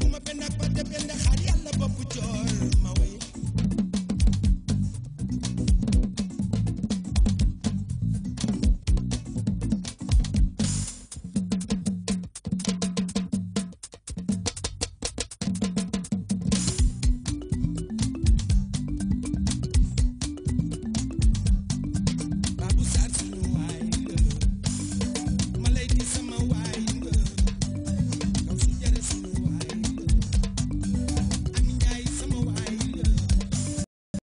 bu ma benn ak ba de benn xaar yàlla bopp joor